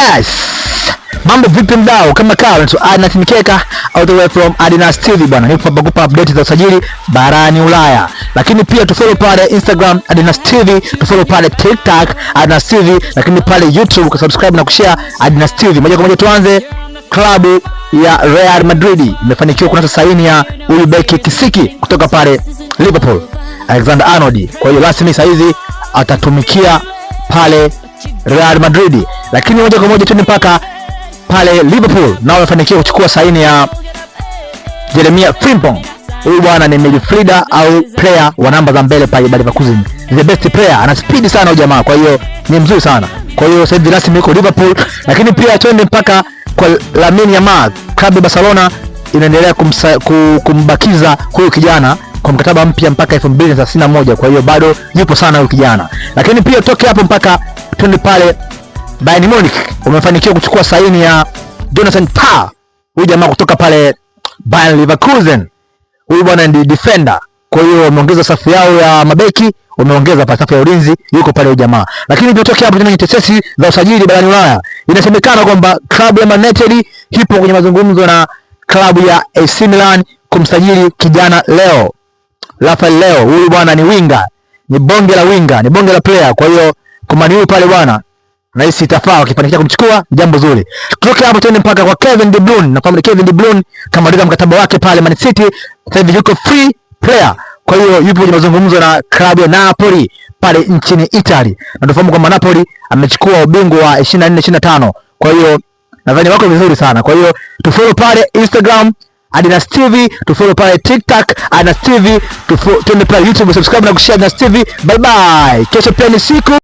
Yes. Mambo vipi mdau, kama kawa Adnas Mikeka all the way from Adnas TV bwana, nipo hapa kupa update za usajili barani Ulaya, lakini pia tufollow pale Instagram Adnas TV, tufollow pale TikTok Adnas TV, lakini pale YouTube kusubscribe na kushare Adnas TV. Moja kwa moja tuanze, klabu ya Real Madrid imefanikiwa kunasa saini ya huyu beki Kisiki kutoka pale Liverpool, Alexander Arnold. Kwa hiyo rasmi saizi atatumikia pale Real Madrid, lakini moja kwa moja tu mpaka pale Liverpool nao wamefanikiwa kuchukua saini ya Jeremia Frimpong. Huyu bwana ni midfielder au player wa namba za mbele pale Bayer Leverkusen, the best player, ana speed sana jamaa, kwa hiyo ni mzuri sana. Kwa hiyo sasa hivi rasmi yuko Liverpool, lakini pia twende mpaka kwa Lamine Yamal. Klabu ya Barcelona inaendelea kumbakiza huyu kijana kwa mkataba mpya mpaka 2031 kwa hiyo bado yupo sana huyu kijana, lakini pia toke hapo mpaka Everton pale Bayern Munich umefanikiwa kuchukua saini ya Jonathan Tah, huyu jamaa kutoka pale Bayern Leverkusen. Huyu bwana ndiye defender, kwa hiyo wameongeza safu yao ya mabeki, wameongeza pa safu ya ulinzi, yuko pale jamaa. Lakini vinatokea hapo tena tetesi za usajili barani Ulaya. Inasemekana kwamba klabu ya Man United ipo kwenye mazungumzo na klabu ya AC Milan kumsajili kijana leo Rafael Leo. Huyu bwana ni winga, ni bonge la winga, ni bonge la player, kwa hiyo Command pale bwana. na hisi itafaa akifanikiwa kumchukua jambo zuri. Kutoka hapo twende mpaka kwa Kevin De Bruyne. Na kwa Kevin De Bruyne kamaliza mkataba wake pale Man City, sasa hivi yuko free player. Kwa hiyo yupo kwenye mazungumzo na klabu ya Napoli pale nchini Italy. Na tufahamu kwamba Napoli amechukua ubingwa wa 24 25. Kwa hiyo nadhani wako vizuri sana. Kwa hiyo tufollow pale Instagram Adinasi TV, tufollow pale TikTok Adinasi TV, tuende pale YouTube, subscribe na kushare Adinasi TV. Bye bye. Kesho pia ni siku